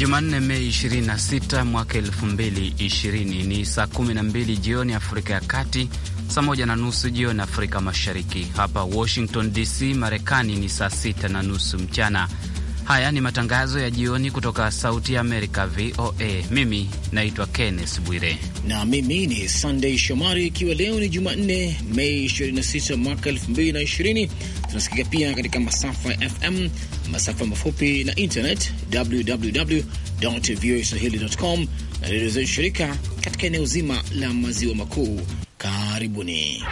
Jumanne, Mei 26 mwaka 2020 ni saa 12 jioni Afrika ya Kati, saa moja na nusu jioni Afrika Mashariki. Hapa Washington DC, Marekani ni saa 6 na nusu mchana. Haya ni matangazo ya jioni kutoka Sauti ya Amerika, VOA. Mimi naitwa Kenneth Bwire na mimi ni sandey Shomari. Ikiwa leo ni Jumanne, Mei 26 mwaka 2020, tunasikika pia katika masafa ya FM, masafa mafupi na internet, www voa swahilicom, na redio zetu shirika katika eneo zima la maziwa makuu. Karibuni.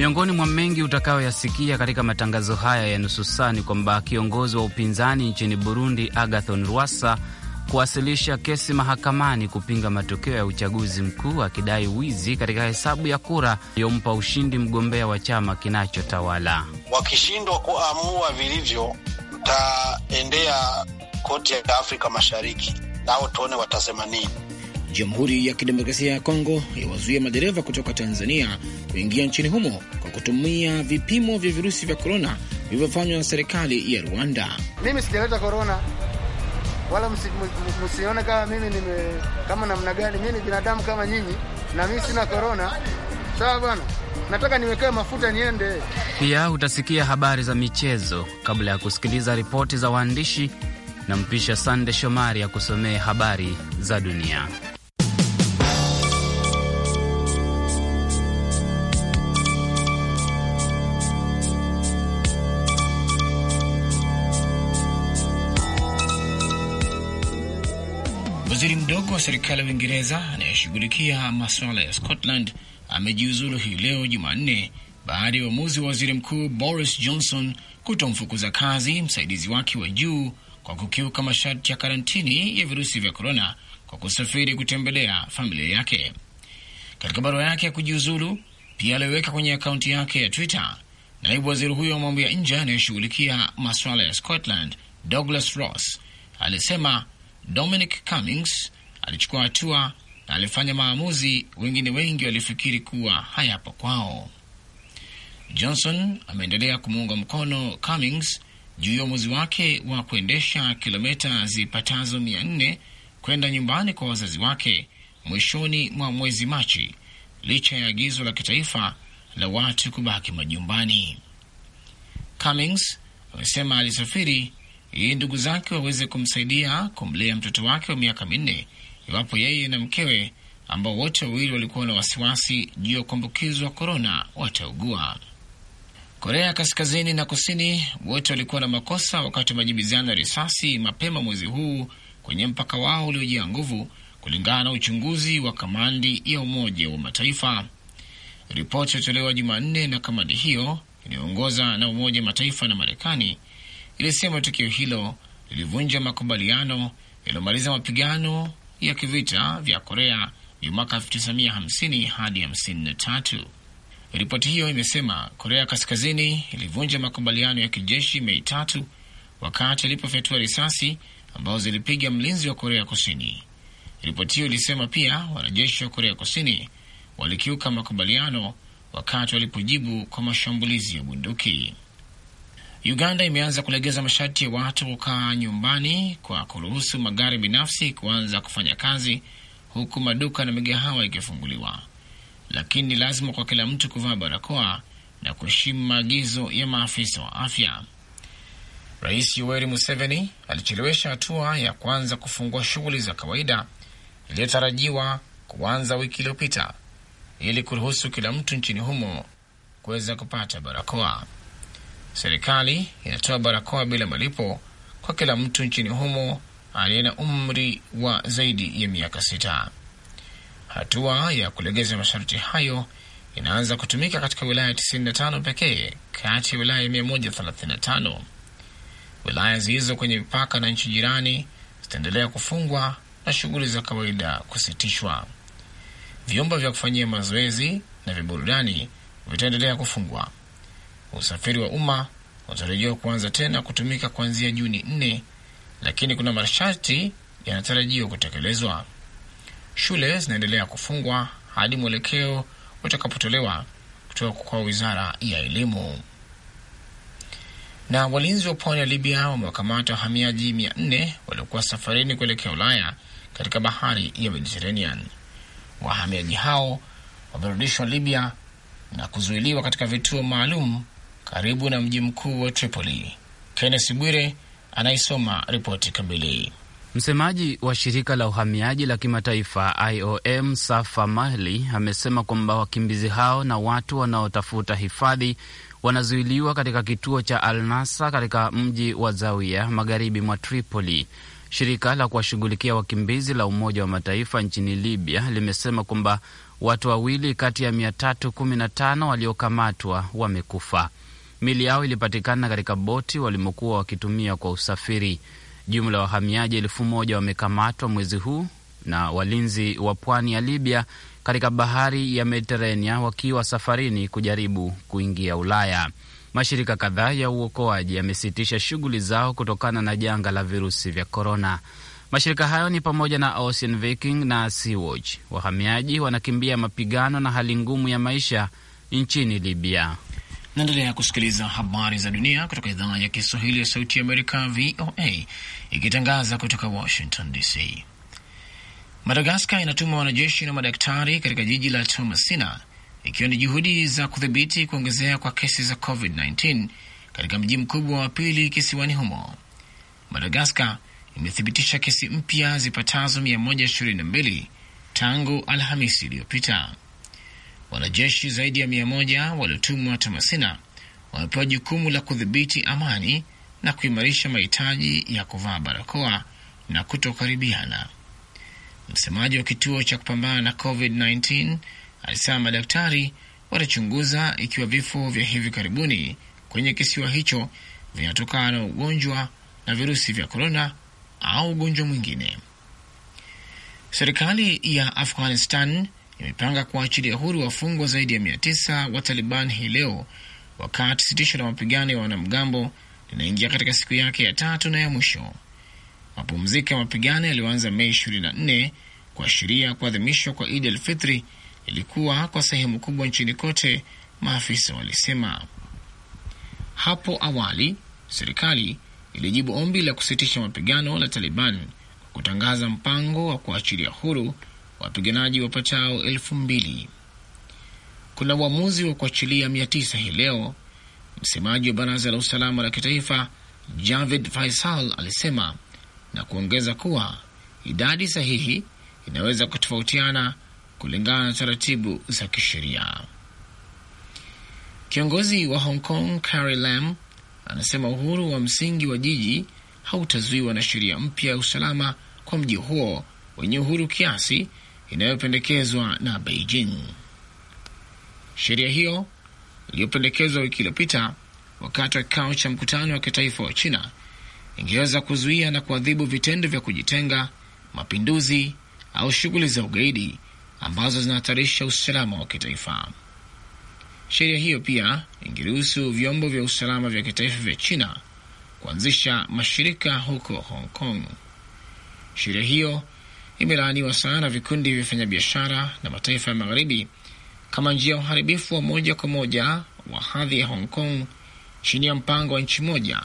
Miongoni mwa mengi utakayoyasikia katika matangazo haya ya nusu saa ni kwamba kiongozi wa upinzani nchini Burundi Agathon Rwasa kuwasilisha kesi mahakamani kupinga matokeo ya uchaguzi mkuu akidai wizi katika hesabu ya kura iliyompa ushindi mgombea wa chama kinachotawala. Wakishindwa kuamua vilivyo, mtaendea koti ya Afrika Mashariki, nao tuone watasema nini. Jamhuri ya Kidemokrasia ya Kongo yawazuia madereva kutoka Tanzania kuingia nchini humo kwa kutumia vipimo vya virusi vya korona vilivyofanywa na serikali ya Rwanda. Mimi sijaleta korona wala msione kama mimi nime kama namna gani. Mimi ni binadamu kama nyinyi, na mimi sina korona, sawa bwana. Nataka niwekee mafuta niende. Pia utasikia habari za michezo kabla ya kusikiliza ripoti za waandishi na mpisha Sande Shomari ya kusomea habari za dunia. Mdogo wa serikali ya Uingereza anayeshughulikia masuala ya Scotland amejiuzulu hii leo Jumanne baada ya uamuzi wa waziri mkuu Boris Johnson kutomfukuza kazi msaidizi wake wa juu kwa kukiuka masharti ya karantini ya virusi vya korona kwa kusafiri kutembelea familia yake. Katika barua yake ya kujiuzulu pia aliyoweka kwenye akaunti yake ya Twitter, naibu waziri huyo wa mambo ya nje anayeshughulikia masuala ya Scotland Douglas Ross alisema Dominic Cummings alichukua hatua na alifanya maamuzi wengine wengi walifikiri kuwa hayapo kwao. Johnson ameendelea kumuunga mkono Cummings juu ya uamuzi wake wa kuendesha kilomita zipatazo mia nne kwenda nyumbani kwa wazazi wake mwishoni mwa mwezi Machi, licha ya agizo la kitaifa la watu kubaki majumbani. Cummings amesema alisafiri ili ndugu zake waweze kumsaidia kumlea mtoto wake wa miaka minne iwapo yeye na mkewe ambao wote wawili walikuwa na wasiwasi juu ya kuambukizwa korona wataugua. Korea Kaskazini na Kusini wote walikuwa na makosa wakati wa majibizano ya risasi mapema mwezi huu kwenye mpaka wao uliojia nguvu, kulingana na uchunguzi wa kamandi ya Umoja wa Mataifa. Ripoti iliyotolewa Jumanne na kamandi hiyo inayoongoza na Umoja wa Mataifa na Marekani ilisema tukio hilo lilivunja makubaliano yaliyomaliza mapigano ya kivita vya Korea vya mwaka 1950 hadi 53. Ripoti hiyo imesema Korea Kaskazini ilivunja makubaliano ya kijeshi Mei tatu wakati alipofyatua risasi ambazo zilipiga mlinzi wa Korea Kusini. Ripoti hiyo ilisema pia wanajeshi wa Korea Kusini walikiuka makubaliano wakati walipojibu kwa mashambulizi ya bunduki. Uganda imeanza kulegeza masharti ya watu kukaa nyumbani kwa kuruhusu magari binafsi kuanza kufanya kazi, huku maduka na migahawa ikifunguliwa, lakini ni lazima kwa kila mtu kuvaa barakoa na kuheshimu maagizo ya maafisa wa afya. Rais Yoweri Museveni alichelewesha hatua ya kuanza kufungua shughuli za kawaida iliyotarajiwa kuanza wiki iliyopita ili kuruhusu kila mtu nchini humo kuweza kupata barakoa. Serikali inatoa barakoa bila malipo kwa kila mtu nchini humo aliye na umri wa zaidi ya miaka sita. Hatua ya kulegeza masharti hayo inaanza kutumika katika wilaya 95 pekee kati ya wilaya 135. Wilaya zilizo kwenye mipaka na nchi jirani zitaendelea kufungwa na shughuli za kawaida kusitishwa. Vyumba vya kufanyia mazoezi na vya burudani vitaendelea kufungwa. Usafiri wa umma unatarajiwa kuanza tena kutumika kuanzia Juni nne, lakini kuna masharti yanatarajiwa kutekelezwa. Shule zinaendelea kufungwa hadi mwelekeo utakapotolewa kutoka kwa wizara ya elimu. Na walinzi wa pwani ya Libya wamewakamata wahamiaji mia nne waliokuwa safarini kuelekea Ulaya katika bahari ya Mediterranean. Wahamiaji hao wamerudishwa Libya na kuzuiliwa katika vituo maalum karibu na mji mkuu wa Tripoli. Kennes Bwire anaisoma ripoti kamili. Msemaji wa shirika la uhamiaji la kimataifa IOM Safa Mahli amesema kwamba wakimbizi hao na watu wanaotafuta hifadhi wanazuiliwa katika kituo cha Al Nasa katika mji wa zawia magharibi mwa Tripoli. Shirika la kuwashughulikia wakimbizi la Umoja wa Mataifa nchini Libya limesema kwamba watu wawili kati ya 315 waliokamatwa wamekufa. Mili yao ilipatikana katika boti walimokuwa wakitumia kwa usafiri. Jumla ya wahamiaji elfu moja wamekamatwa mwezi huu na walinzi wa pwani ya Libya katika bahari ya Mediterania wakiwa safarini kujaribu kuingia Ulaya. Mashirika kadhaa ya uokoaji yamesitisha shughuli zao kutokana na janga la virusi vya korona. Mashirika hayo ni pamoja na Ocean Viking na Sea-Watch. Wahamiaji wanakimbia mapigano na hali ngumu ya maisha nchini Libya. Naendelea kusikiliza habari za dunia kutoka idhaa ya Kiswahili ya Sauti ya Amerika, VOA, ikitangaza kutoka Washington DC. Madagaskar inatuma wanajeshi na madaktari katika jiji la Tomasina ikiwa ni juhudi za kudhibiti kuongezea kwa kesi za COVID-19 katika mji mkubwa wa pili kisiwani humo. Madagaskar imethibitisha kesi mpya zipatazo 122 tangu Alhamisi iliyopita. Wanajeshi zaidi ya mia moja waliotumwa Tamasina wamepewa jukumu la kudhibiti amani na kuimarisha mahitaji ya kuvaa barakoa na kutokaribiana. Msemaji wa kituo cha kupambana na COVID-19 alisema madaktari watachunguza ikiwa vifo vya hivi karibuni kwenye kisiwa hicho vinatokana na ugonjwa na virusi vya korona au ugonjwa mwingine. Serikali ya Afghanistan imepanga kuwaachilia huru wafungwa zaidi ya mia tisa wa Taliban hii leo, wakati sitisho la mapigano ya wanamgambo linaingia katika siku yake ya tatu na ya mwisho. Mapumziko ya mapigano yaliyoanza Mei 24 kuashiria kuadhimishwa kwa Idi Alfitri ilikuwa kwa sehemu kubwa nchini kote, maafisa walisema. Hapo awali serikali ilijibu ombi la kusitisha mapigano la Taliban kwa kutangaza mpango wa kuachilia huru wapiganaji wapatao elfu mbili. Kuna uamuzi wa kuachilia mia tisa hii leo. Msemaji wa baraza la usalama la kitaifa Javid Faisal alisema na kuongeza kuwa idadi sahihi inaweza kutofautiana kulingana na taratibu za kisheria. Kiongozi wa Hong Kong Carrie Lam anasema uhuru wa msingi wa jiji hautazuiwa na sheria mpya ya usalama kwa mji huo wenye uhuru kiasi inayopendekezwa na Beijing. Sheria hiyo iliyopendekezwa wiki iliyopita wakati wa kikao cha mkutano wa kitaifa wa China ingeweza kuzuia na kuadhibu vitendo vya kujitenga, mapinduzi au shughuli za ugaidi ambazo zinahatarisha usalama wa kitaifa. Sheria hiyo pia ingeruhusu vyombo vya usalama vya kitaifa vya China kuanzisha mashirika huko Hong Kong. Sheria hiyo imelaaniwa sana vikundi vya wafanyabiashara na mataifa ya magharibi kama njia ya uharibifu wa moja kwa moja wa hadhi ya Hong Kong chini ya mpango wa nchi moja,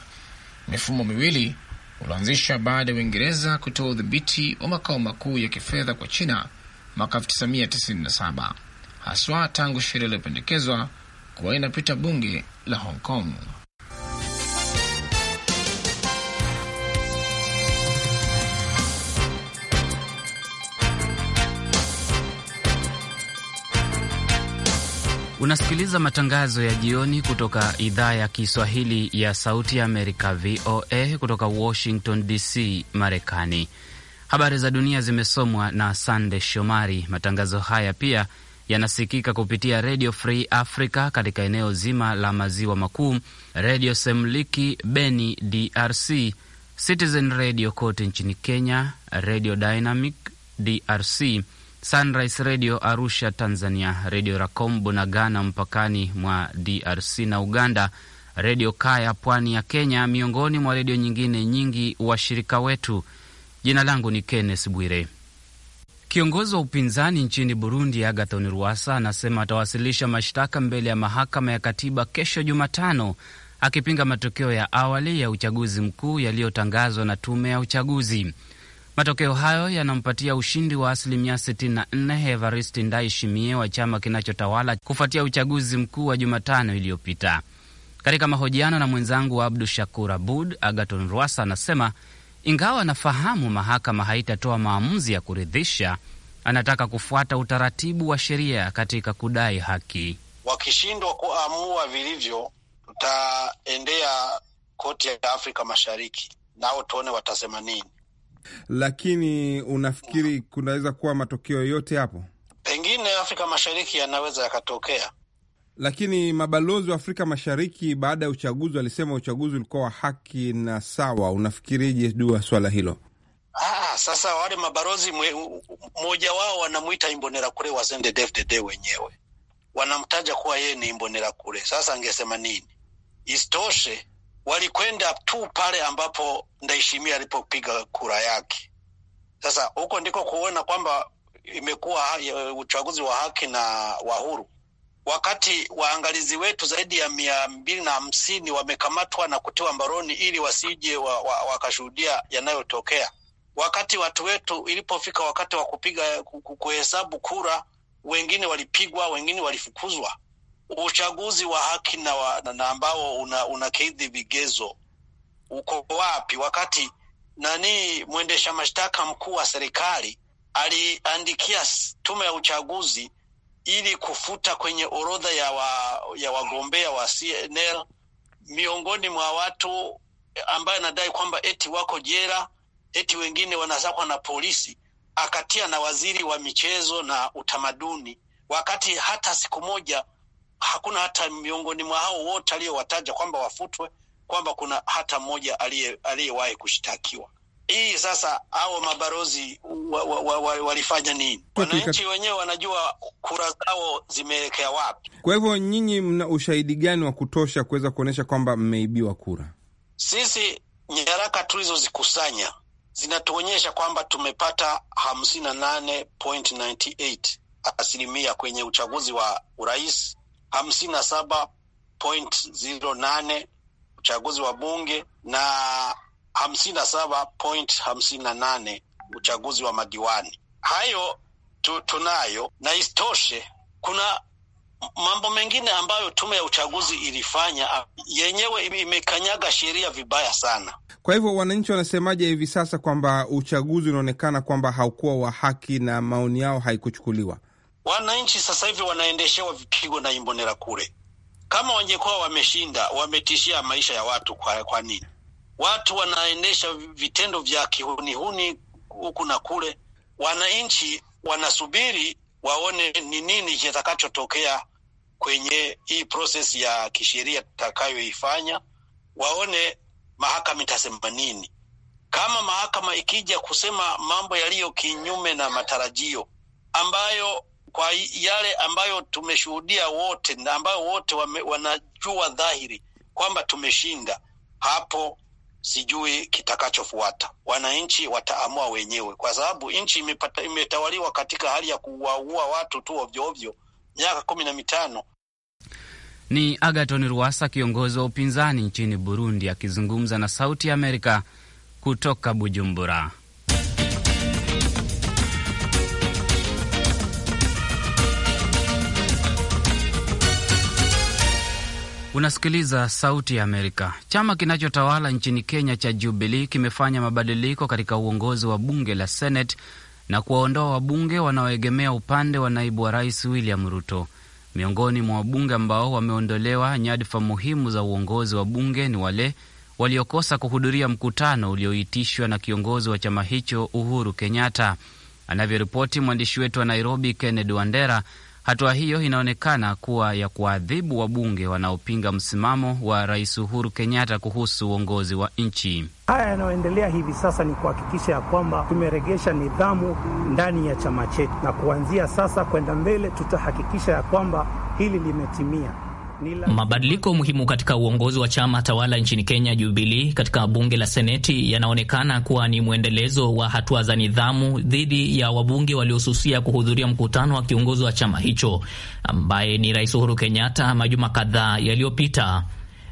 mifumo miwili ulioanzishwa baada ya Uingereza kutoa udhibiti wa makao makuu ya kifedha kwa China mwaka 1997 haswa tangu sheria iliyopendekezwa kuwa inapita bunge la Hong Kong. Unasikiliza matangazo ya jioni kutoka idhaa ya Kiswahili ya Sauti ya Amerika, VOA, kutoka Washington DC, Marekani. Habari za dunia zimesomwa na Sande Shomari. Matangazo haya pia yanasikika kupitia Redio Free Africa katika eneo zima la maziwa makuu, Redio Semliki Beni DRC, Citizen Radio kote nchini Kenya, Radio Dynamic DRC, Sunrise Radio Arusha, Tanzania, Redio Racom Bunagana mpakani mwa DRC na Uganda, Redio Kaya pwani ya Kenya, miongoni mwa redio nyingine nyingi washirika wetu. Jina langu ni Kenneth Bwire. Kiongozi wa upinzani nchini Burundi Agathon Rwasa anasema atawasilisha mashtaka mbele ya mahakama ya katiba kesho Jumatano, akipinga matokeo ya awali ya uchaguzi mkuu yaliyotangazwa na tume ya uchaguzi. Matokeo hayo yanampatia ushindi wa asilimia 64 Evaristi Ndaishimie wa chama kinachotawala kufuatia uchaguzi mkuu wa Jumatano iliyopita. Katika mahojiano na mwenzangu wa Abdu Shakur Abud, Agaton Rwasa anasema ingawa anafahamu mahakama haitatoa maamuzi ya kuridhisha, anataka kufuata utaratibu wa sheria katika kudai haki. Wakishindwa kuamua vilivyo, tutaendea koti ya Afrika Mashariki, nao tuone watasema nini. Lakini unafikiri kunaweza kuwa matokeo yote hapo? Pengine Afrika Mashariki yanaweza yakatokea, lakini mabalozi wa Afrika Mashariki baada ya uchaguzi walisema uchaguzi ulikuwa wa haki na sawa. Unafikirije juu ya swala hilo? Ah, sasa wale mabalozi mmoja wao wanamwita imbonera kule wazende DFDD wenyewe wanamtaja kuwa yeye ni imbonera kule Sasa angesema nini? Isitoshe, walikwenda tu pale ambapo Ndaishimia alipopiga kura yake. Sasa huko ndiko kuona kwamba imekuwa eh, uchaguzi wa haki na wa huru, wakati waangalizi wetu zaidi ya mia mbili na hamsini wamekamatwa na kutiwa mbaroni ili wasije wakashuhudia wa, wa yanayotokea. Wakati watu wetu ilipofika wakati wa kupiga kuhesabu kura, wengine walipigwa, wengine walifukuzwa uchaguzi wa haki na, wa, na ambao unakidhi una vigezo uko wapi? Wakati nani mwendesha mashtaka mkuu wa serikali aliandikia tume ya uchaguzi ili kufuta kwenye orodha ya, wa, ya wagombea wa CNL miongoni mwa watu ambaye anadai kwamba eti wako jela, eti wengine wanasakwa na polisi, akatia na waziri wa michezo na utamaduni, wakati hata siku moja hakuna hata miongoni mwa hao wote aliyowataja kwamba wafutwe, kwamba kuna hata mmoja aliyewahi kushtakiwa. Hii sasa, hao mabalozi wa, wa, wa, wa, walifanya nini? Wananchi wenyewe wanajua kura zao zimeelekea wapi. Kwa hivyo nyinyi mna ushahidi gani wa kutosha kuweza kuonyesha kwamba mmeibiwa kura? Sisi nyaraka tulizozikusanya zinatuonyesha kwamba tumepata hamsini na nane point asilimia kwenye uchaguzi wa urais hamsini na saba point zero nane uchaguzi wa bunge na hamsini na saba point hamsini na nane uchaguzi wa madiwani. Hayo tu, tunayo na isitoshe, kuna mambo mengine ambayo tume ya uchaguzi ilifanya yenyewe imekanyaga sheria vibaya sana. Kwa hivyo wananchi wanasemaje hivi sasa kwamba uchaguzi unaonekana kwamba haukuwa wa haki na maoni yao haikuchukuliwa? Wananchi sasa hivi wanaendeshewa vipigo na imbonera kule. Kama wangekuwa wameshinda, wametishia maisha ya watu kwa, kwa nini watu wanaendesha vitendo vya kihunihuni huku na kule? Wananchi wanasubiri waone ni nini kitakachotokea kwenye hii proses ya kisheria tutakayoifanya, waone mahakama itasema nini. Kama mahakama ikija kusema mambo yaliyo kinyume na matarajio ambayo kwa yale ambayo tumeshuhudia wote na ambayo wote wame, wanajua dhahiri kwamba tumeshinda hapo, sijui kitakachofuata. Wananchi wataamua wenyewe, kwa sababu nchi imepata, imetawaliwa katika hali ya kuwaua watu tu ovyoovyo miaka kumi na mitano. Ni Agaton ruasa kiongozi wa upinzani nchini Burundi, akizungumza na Sauti ya Amerika kutoka Bujumbura. Unasikiliza Sauti ya Amerika. Chama kinachotawala nchini Kenya cha Jubilee kimefanya mabadiliko katika uongozi wa bunge la Senate na kuwaondoa wabunge wanaoegemea upande wa naibu wa rais William Ruto. Miongoni mwa wabunge ambao wameondolewa nyadhifa muhimu za uongozi wa bunge ni wale waliokosa kuhudhuria mkutano ulioitishwa na kiongozi wa chama hicho Uhuru Kenyatta. Anavyoripoti mwandishi wetu wa Nairobi, Kennedy Wandera. Hatua hiyo inaonekana kuwa ya kuwaadhibu wabunge wanaopinga msimamo wa Rais Uhuru Kenyatta kuhusu uongozi wa nchi. Haya yanayoendelea hivi sasa ni kuhakikisha ya kwamba tumeregesha nidhamu ndani ya chama chetu, na kuanzia sasa kwenda mbele tutahakikisha ya kwamba hili limetimia. Mabadiliko muhimu katika uongozi wa chama tawala nchini Kenya, Jubilii, katika bunge la Seneti yanaonekana kuwa ni mwendelezo wa hatua za nidhamu dhidi ya wabunge waliosusia kuhudhuria mkutano wa kiongozi wa chama hicho ambaye ni Rais Uhuru Kenyatta majuma kadhaa yaliyopita.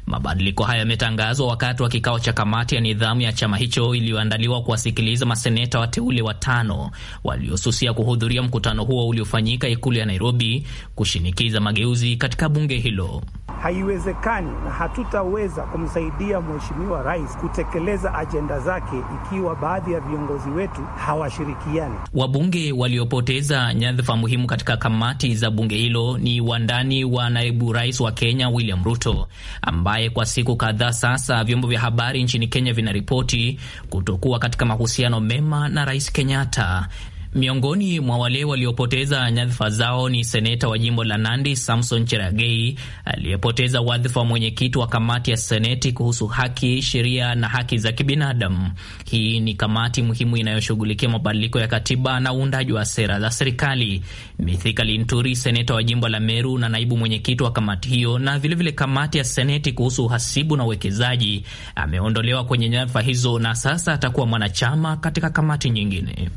Mabadiliko hayo yametangazwa wakati wa kikao cha kamati ya nidhamu ya chama hicho iliyoandaliwa kuwasikiliza maseneta wateule watano waliosusia kuhudhuria mkutano huo uliofanyika ikulu ya Nairobi kushinikiza mageuzi katika bunge hilo. Haiwezekani na hatutaweza kumsaidia mheshimiwa rais kutekeleza ajenda zake ikiwa baadhi ya viongozi wetu hawashirikiani. Wabunge waliopoteza nyadhifa muhimu katika kamati za bunge hilo ni wandani wa naibu rais wa Kenya William Ruto ambaye ambaye kwa siku kadhaa sasa vyombo vya habari nchini Kenya vinaripoti kutokuwa katika mahusiano mema na Rais Kenyatta Miongoni mwa wale waliopoteza nyadhifa zao ni seneta wa jimbo la Nandi Samson Cheragei aliyepoteza wadhifa wa mwenyekiti wa kamati ya seneti kuhusu haki, sheria na haki za kibinadamu. Hii ni kamati muhimu inayoshughulikia mabadiliko ya katiba na uundaji wa sera za serikali. Mithika Linturi, seneta wa jimbo la Meru na naibu mwenyekiti wa kamati hiyo na vilevile vile kamati ya seneti kuhusu uhasibu na uwekezaji, ameondolewa kwenye nyadhifa hizo na sasa atakuwa mwanachama katika kamati nyingine.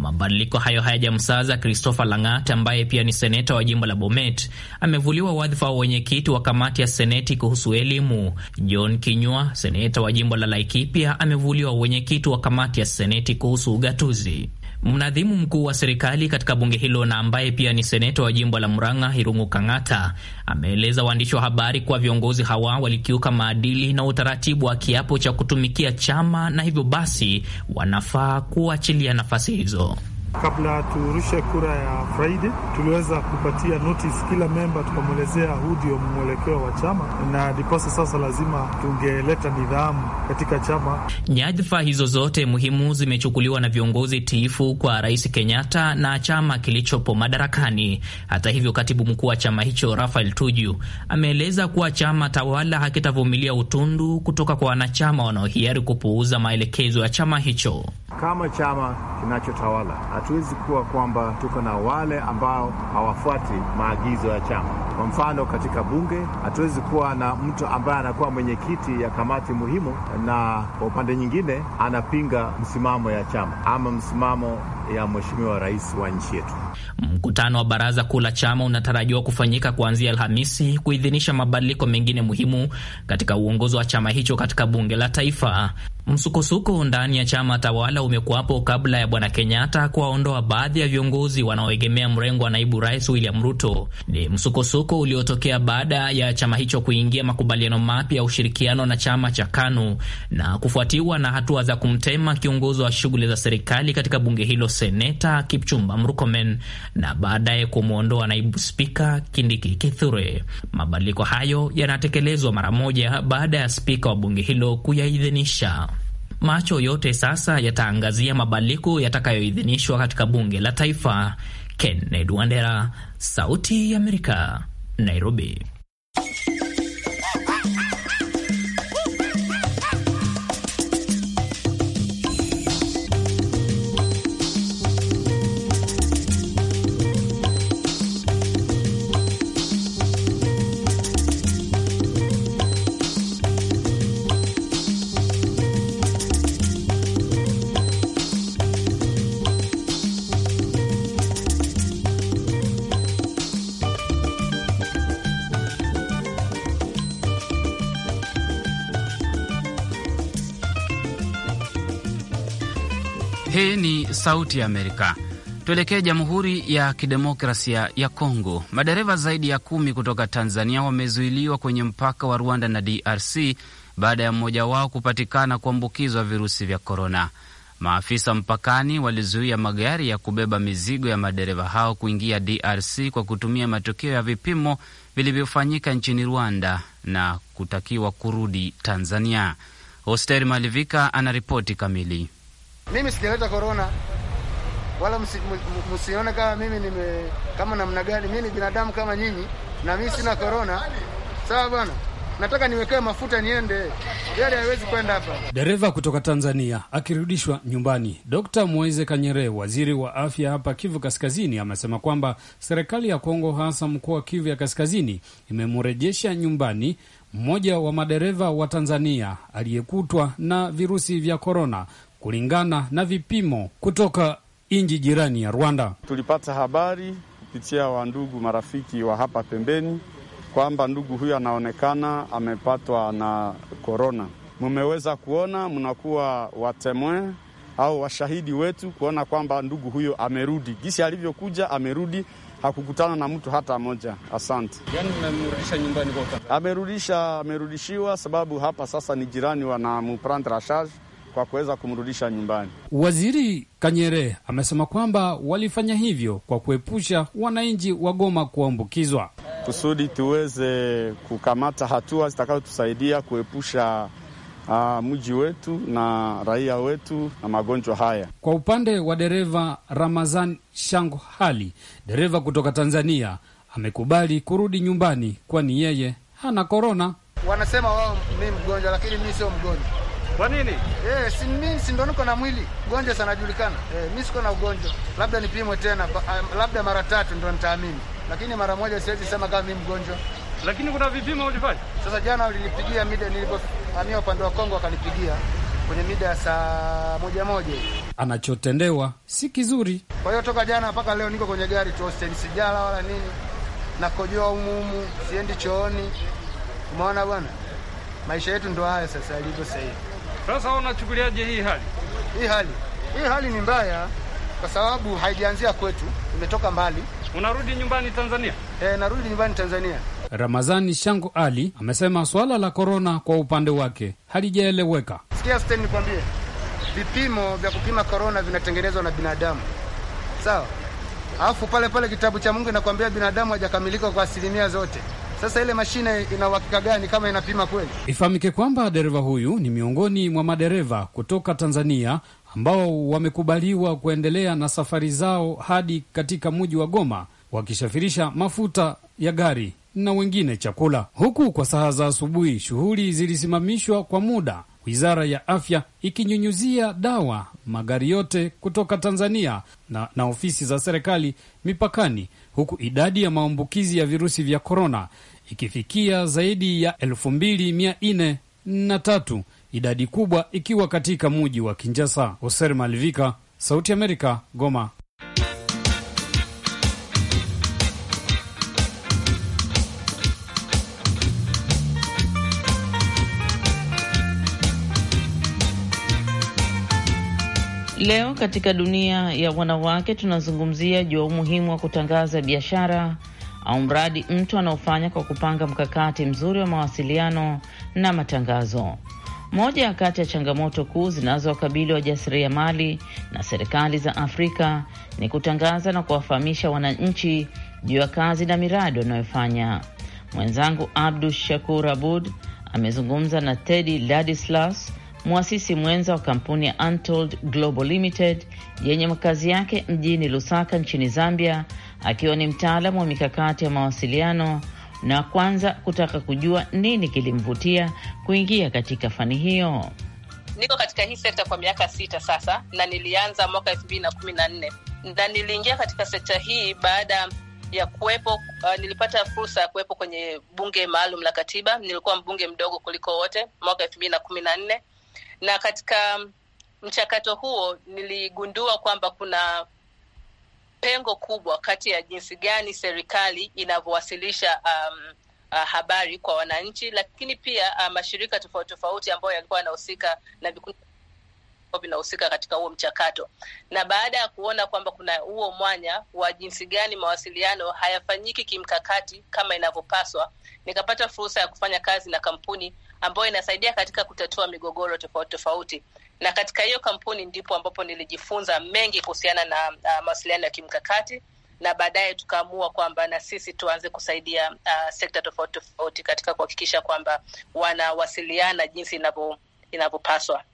Mabadiliko hayo hayajamsaza Christopher Langat ambaye pia ni seneta wa jimbo la Bomet, amevuliwa wadhifa wa wenyekiti wa kamati ya seneti kuhusu elimu. John kinywa seneta wa jimbo la Laikipia, amevuliwa wenyekiti wa kamati ya seneti kuhusu ugatuzi. Mnadhimu mkuu wa serikali katika bunge hilo na ambaye pia ni seneta wa jimbo la Murang'a Irungu Kang'ata ameeleza waandishi wa habari kuwa viongozi hawa walikiuka maadili na utaratibu wa kiapo cha kutumikia chama na hivyo basi wanafaa kuachilia nafasi hizo. Kabla turushe kura ya Friday, tuliweza kupatia notice kila memba, tukamwelezea huu ndio mwelekeo wa chama, na ndiposa sasa lazima tungeleta nidhamu katika chama. Nyadhifa hizo zote muhimu zimechukuliwa na viongozi tiifu kwa Rais Kenyatta na chama kilichopo madarakani. Hata hivyo, katibu mkuu wa chama hicho Rafael Tuju ameeleza kuwa chama tawala hakitavumilia utundu kutoka kwa wanachama wanaohiari kupuuza maelekezo ya chama hicho. Kama chama kinachotawala hatuwezi kuwa kwamba tuko na wale ambao hawafuati maagizo ya chama. Kwa mfano, katika bunge hatuwezi kuwa na mtu ambaye anakuwa mwenyekiti ya kamati muhimu na kwa upande nyingine anapinga msimamo ya chama ama msimamo ya mheshimiwa rais wa nchi yetu. Mkutano wa baraza kuu la chama unatarajiwa kufanyika kuanzia Alhamisi kuidhinisha mabadiliko mengine muhimu katika uongozi wa chama hicho katika bunge la taifa. Msukosuko ndani ya chama tawala umekuwapo kabla ya bwana Kenyatta kuwa kuwaondoa baadhi ya viongozi wanaoegemea mrengo wa naibu rais William Ruto ni msukosuko uliotokea baada ya chama hicho kuingia makubaliano mapya ya ushirikiano na chama cha KANU na kufuatiwa na hatua za kumtema kiongozi wa shughuli za serikali katika bunge hilo Seneta Kipchumba Murkomen na baadaye kumwondoa naibu spika Kindiki Kithure. Mabadiliko hayo yanatekelezwa mara moja baada ya spika wa bunge hilo kuyaidhinisha. Macho yote sasa yataangazia mabadiliko yatakayoidhinishwa katika bunge la taifa. Kennedy Wandera, Sauti ya Amerika, Nairobi. Hii ni Sauti ya Amerika. Tuelekee Jamhuri ya Kidemokrasia ya Kongo. Madereva zaidi ya kumi kutoka Tanzania wamezuiliwa kwenye mpaka wa Rwanda na DRC baada ya mmoja wao kupatikana kuambukizwa virusi vya korona. Maafisa mpakani walizuia magari ya kubeba mizigo ya madereva hao kuingia DRC kwa kutumia matokeo ya vipimo vilivyofanyika nchini Rwanda na kutakiwa kurudi Tanzania. Hoster Malivika anaripoti kamili. Mimi sijaleta korona wala msione kama mimi nime kama namna gani. Mimi ni binadamu kama nyinyi, na mimi sina korona, sawa bwana. Nataka niwekee mafuta niende, gari haiwezi kwenda hapa. Dereva kutoka Tanzania akirudishwa nyumbani. Dkt Moise Kanyere, waziri wa afya hapa Kivu Kaskazini, amesema kwamba serikali ya Kongo, hasa mkoa wa Kivu ya Kaskazini, imemrejesha nyumbani mmoja wa madereva wa Tanzania aliyekutwa na virusi vya korona kulingana na vipimo kutoka nchi jirani ya Rwanda. Tulipata habari kupitia wandugu marafiki wa hapa pembeni kwamba ndugu huyu anaonekana amepatwa na korona. Mmeweza kuona, mnakuwa watemwe au washahidi wetu kuona kwamba ndugu huyo amerudi, jinsi alivyokuja amerudi, hakukutana na mtu hata moja. Asante. Yani mmemrudisha nyumbani amerudisha, amerudishiwa sababu hapa sasa ni jirani wanamuprendre charge kwa kuweza kumrudisha nyumbani. Waziri Kanyere amesema kwamba walifanya hivyo kwa kuepusha wananchi wa Goma kuambukizwa, kusudi tuweze kukamata hatua zitakazotusaidia kuepusha Uh, mji wetu na raia wetu na magonjwa haya. Kwa upande wa dereva Ramazan Shango Hali, dereva kutoka Tanzania, amekubali kurudi nyumbani kwani yeye hana korona. Wanasema wao mi mgonjwa, lakini mi sio mgonjwa kwa nini? Eh, si mimi si ndo niko na mwili. Ugonjwa sanajulikana. najulikana. Eh, mimi siko na ugonjwa. Labda nipimwe tena, ah, labda mara tatu ndo nitaamini. Lakini mara moja siwezi sema kama mimi mgonjwa. Lakini kuna vipimo ulifanya? Sasa jana ulinipigia mida nilipohamia upande wa Kongo akanipigia kwenye mida ya saa moja moja. Anachotendewa si kizuri. Kwa hiyo toka jana mpaka leo niko kwenye gari tu, hosteli sijala wala nini. Nakojoa umumu, siendi chooni. Umeona bwana? Maisha yetu ndo haya sasa yalivyo sasa hivi. Sasa unachukuliaje hii hali? Hii hali hii hali ni mbaya kwa sababu haijaanzia kwetu, imetoka mbali. Unarudi nyumbani Tanzania? E, narudi nyumbani Tanzania. Ramazani Shangu Ali amesema swala la korona kwa upande wake halijaeleweka. Sikia Sten, nikwambie, vipimo vya kupima korona vinatengenezwa na binadamu, sawa? Alafu pale pale kitabu cha Mungu inakwambia binadamu hajakamilika kwa asilimia zote. Sasa ile mashine ina uhakika gani kama inapima kweli? Ifahamike kwamba dereva huyu ni miongoni mwa madereva kutoka Tanzania ambao wamekubaliwa kuendelea na safari zao hadi katika mji wa Goma wakisafirisha mafuta ya gari na wengine chakula, huku kwa saa za asubuhi shughuli zilisimamishwa kwa muda, wizara ya afya ikinyunyuzia dawa magari yote kutoka Tanzania na, na ofisi za serikali mipakani, huku idadi ya maambukizi ya virusi vya korona ikifikia zaidi ya elfu mbili mia nne na tatu, idadi kubwa ikiwa katika muji wa Kinjasa. Hoser Malivika, Sauti Amerika, Goma. Leo katika dunia ya wanawake tunazungumzia juu ya umuhimu wa kutangaza biashara au mradi mtu anaofanya kwa kupanga mkakati mzuri wa mawasiliano na matangazo. Moja ya kati ya changamoto kuu zinazowakabili wajasiriamali na serikali za Afrika ni kutangaza na kuwafahamisha wananchi juu ya kazi na miradi wanayofanya. Mwenzangu Abdu Shakur Abud amezungumza na Teddy Ladislas, mwasisi mwenza wa kampuni ya Untold Global Limited yenye makazi yake mjini Lusaka nchini Zambia, akiwa ni mtaalamu wa mikakati ya mawasiliano na kwanza kutaka kujua nini kilimvutia kuingia katika fani hiyo. Niko katika hii sekta kwa miaka sita sasa, na nilianza mwaka elfu mbili na kumi na nne na niliingia katika sekta hii baada ya kuwepo uh, nilipata fursa ya kuwepo kwenye bunge maalum la katiba. Nilikuwa mbunge mdogo kuliko wote mwaka elfu mbili na kumi na nne na katika um, mchakato huo niligundua kwamba kuna pengo kubwa kati ya jinsi gani serikali inavyowasilisha um, uh, habari kwa wananchi, lakini pia uh, mashirika tofauti tofauti ambayo yalikuwa yanahusika na vikundi vinahusika katika huo mchakato. Na baada ya kuona kwamba kuna huo mwanya wa jinsi gani mawasiliano hayafanyiki kimkakati kama inavyopaswa, nikapata fursa ya kufanya kazi na kampuni ambayo inasaidia katika kutatua migogoro tofauti tofauti na katika hiyo kampuni ndipo ambapo nilijifunza mengi kuhusiana na uh, mawasiliano ya kimkakati na baadaye tukaamua kwamba na sisi tuanze kusaidia uh, sekta tofauti tofauti katika kuhakikisha kwamba wanawasiliana jinsi inavyopaswa.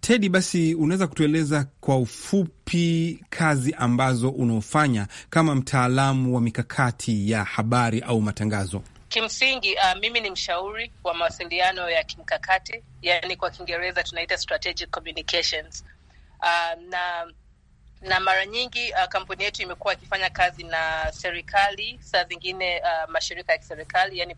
Tedi, basi unaweza kutueleza kwa ufupi kazi ambazo unaofanya kama mtaalamu wa mikakati ya habari au matangazo? Kimsingi uh, mimi ni mshauri wa mawasiliano ya kimkakati, yani kwa Kiingereza tunaita strategic communications. Uh, na na mara nyingi uh, kampuni yetu imekuwa ikifanya kazi na serikali, saa zingine uh, mashirika ya kiserikali yani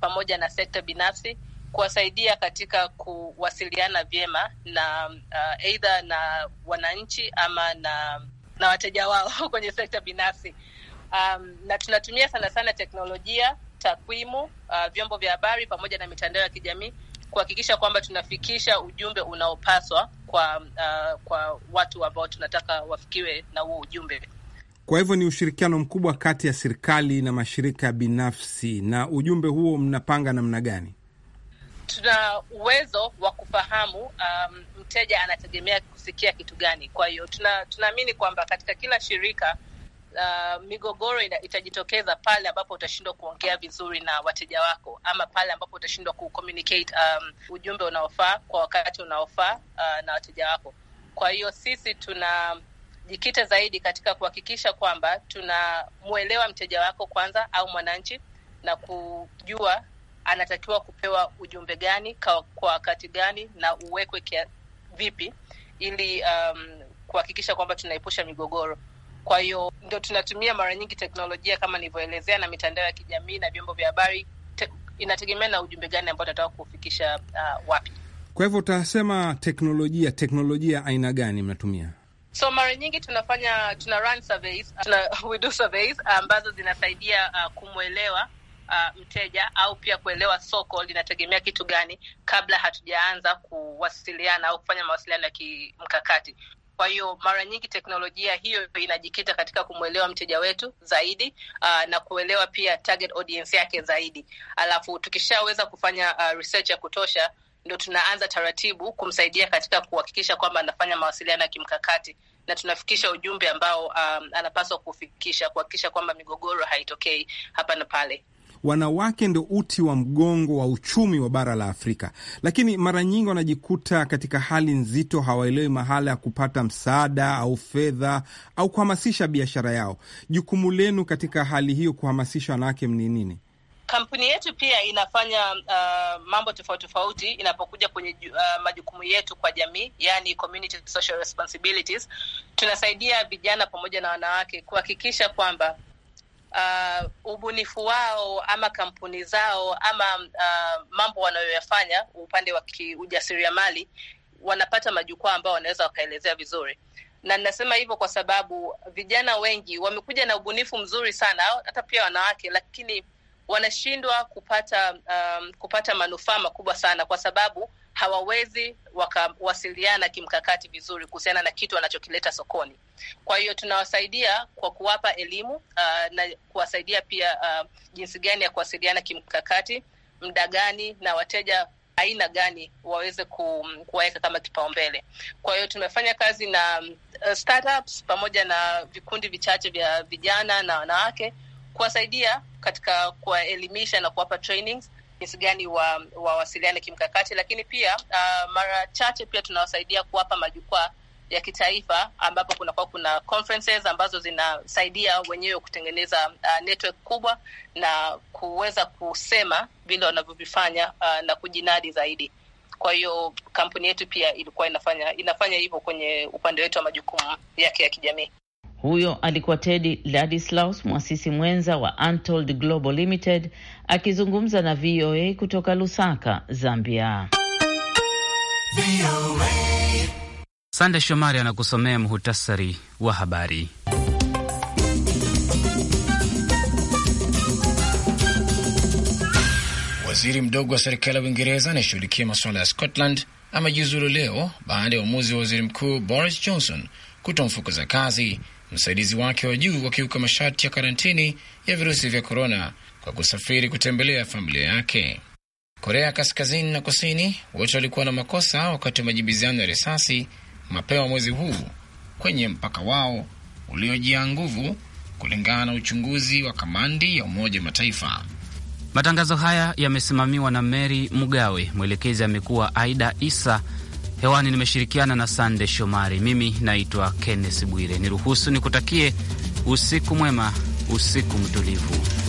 pamoja na sekta binafsi kuwasaidia katika kuwasiliana vyema na uh, aidha na wananchi ama na na wateja wao kwenye sekta binafsi um, na tunatumia sana sana teknolojia, takwimu, uh, vyombo vya habari pamoja na mitandao ya kijamii kuhakikisha kwamba tunafikisha ujumbe unaopaswa kwa uh, kwa watu ambao tunataka wafikiwe na huo ujumbe. Kwa hivyo ni ushirikiano mkubwa kati ya serikali na mashirika binafsi. Na ujumbe huo mnapanga namna gani? Tuna uwezo wa kufahamu um, mteja anategemea kusikia kitu gani. Kwa hiyo tunaamini tuna kwamba katika kila shirika uh, migogoro itajitokeza pale ambapo utashindwa kuongea vizuri na wateja wako ama pale ambapo utashindwa ku um, ujumbe unaofaa kwa wakati unaofaa uh, na wateja wako. Kwa hiyo sisi tunajikita zaidi katika kuhakikisha kwamba tunamwelewa mteja wako kwanza au mwananchi na kujua anatakiwa kupewa ujumbe gani kwa wakati gani na uwekwe kia vipi ili um, kuhakikisha kwamba tunaepusha migogoro. Kwa hiyo ndo tunatumia mara nyingi teknolojia kama nilivyoelezea, na mitandao ya kijamii na vyombo vya habari, inategemea na ujumbe gani ambao tunataka kuufikisha uh, wapi. Kwa hivyo utasema teknolojia, teknolojia aina gani mnatumia? So mara nyingi tunafanya tuna run surveys, tuna, we do surveys uh, ambazo zinasaidia uh, kumwelewa Uh, mteja au pia kuelewa soko linategemea kitu gani kabla hatujaanza kuwasiliana au kufanya mawasiliano ya kimkakati. Kwa hiyo mara nyingi teknolojia hiyo inajikita katika kumwelewa mteja wetu zaidi, uh, na kuelewa pia target audience yake zaidi, alafu tukishaweza kufanya uh, research ya kutosha ndo tunaanza taratibu kumsaidia katika kuhakikisha kwamba anafanya mawasiliano ya kimkakati na tunafikisha ujumbe ambao um, anapaswa kufikisha, kuhakikisha kwamba migogoro haitokei hapa na pale wanawake ndio uti wa mgongo wa uchumi wa bara la Afrika, lakini mara nyingi wanajikuta katika hali nzito, hawaelewi mahala ya kupata msaada au fedha au kuhamasisha biashara yao. Jukumu lenu katika hali hiyo kuhamasisha wanawake ni nini? Kampuni yetu pia inafanya uh, mambo tofauti tofauti inapokuja kwenye uh, majukumu yetu kwa jamii, yani community social responsibilities. Tunasaidia vijana pamoja na wanawake kuhakikisha kwamba uh, ubunifu wao ama kampuni zao ama uh, mambo wanayoyafanya upande wa ujasiriamali wanapata majukwaa ambayo wanaweza wakaelezea vizuri na ninasema hivyo kwa sababu vijana wengi wamekuja na ubunifu mzuri sana, hata pia wanawake, lakini wanashindwa kupata um, kupata manufaa makubwa sana, kwa sababu hawawezi wakawasiliana kimkakati vizuri kuhusiana na kitu wanachokileta sokoni. Kwa hiyo tunawasaidia kwa kuwapa elimu uh, na kuwasaidia pia uh, jinsi gani ya kuwasiliana kimkakati, mda gani na wateja aina gani waweze kuwaweka kama kipaumbele. Kwa hiyo tumefanya kazi na uh, startups pamoja na vikundi vichache vya vijana na wanawake kuwasaidia katika kuwaelimisha na kuwapa trainings jinsi gani wawasiliane wa kimkakati, lakini pia uh, mara chache pia tunawasaidia kuwapa majukwaa ya kitaifa ambapo kunakuwa kuna conferences ambazo zinasaidia wenyewe kutengeneza uh, network kubwa na kuweza kusema vile wanavyovifanya uh, na kujinadi zaidi. Kwa hiyo kampuni yetu pia ilikuwa inafanya inafanya hivyo kwenye upande wetu wa majukumu yake ya kijamii. Huyo alikuwa Teddy Ladislaus, mwasisi mwenza wa Untold Global Limited akizungumza na VOA kutoka Lusaka, Zambia. Sande Shomari anakusomea muhutasari wa habari. Waziri mdogo wa serikali ya Uingereza anayeshughulikia masuala ya Scotland amejiuzulu leo baada ya uamuzi wa waziri mkuu Boris Johnson kutomfukuza kazi msaidizi wake wa juu wakiuka masharti ya karantini ya virusi vya korona kwa kusafiri kutembelea familia yake. Korea Kaskazini na Kusini wote walikuwa na makosa wakati wa majibiziano ya risasi mapema mwezi huu kwenye mpaka wao uliojia nguvu, kulingana na uchunguzi wa kamandi ya Umoja wa Mataifa. Matangazo haya yamesimamiwa na Mary Mugawe, mwelekezi amekuwa Aida Isa. Hewani nimeshirikiana na Sande Shomari. Mimi naitwa kennes Bwire. Niruhusu nikutakie usiku mwema, usiku mtulivu.